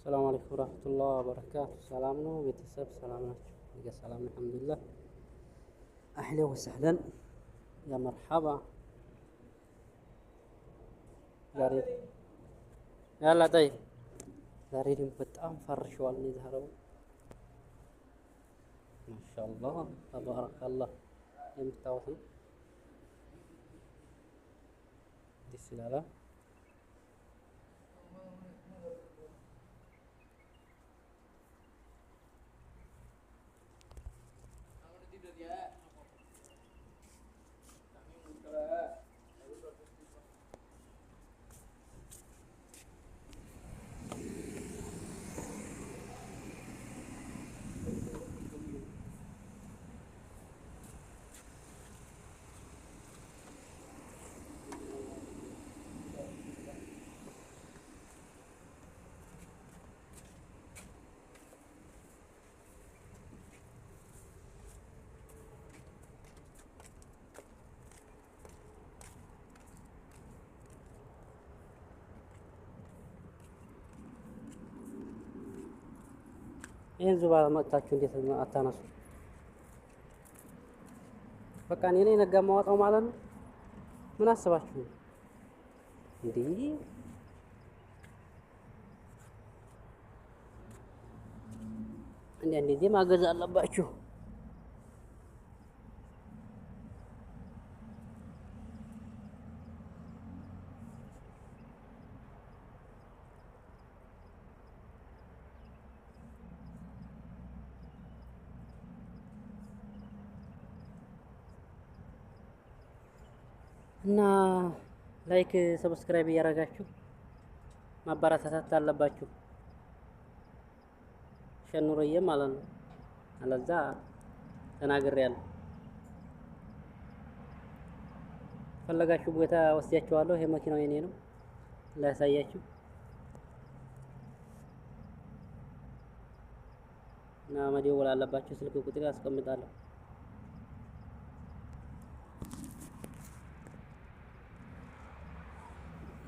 السلام عليكم ورحمة الله وبركاته سلامنا بيتساب سلامنا يا سلام الحمد لله أهلا وسهلا يا مرحبا داريد يلا طيب داريد بتأم فرش والني ذهروا ما شاء الله تبارك الله يمتوهم دي السلالة ይህን ዙባ መጥታችሁ እንዴት አታነሱ? በቃ እኔ ነኝ ነጋ ማዋጣው ማለት ነው። ምን አስባችሁ ነው እንዴ? እንዴ ማገዝ አለባችሁ። እና ላይክ ሰብስክራይብ እያደረጋችሁ ማበረታታት አለባችሁ። ሸኑሮዬ ማለት ነው። አለዛ ያለ ፈለጋችሁ ቦታ ወስጃችኋለሁ። ይሄ መኪናው የኔ ነው ላያሳያችሁ እና መደወል አለባችሁ። ስልክ ቁጥር አስቀምጣለሁ።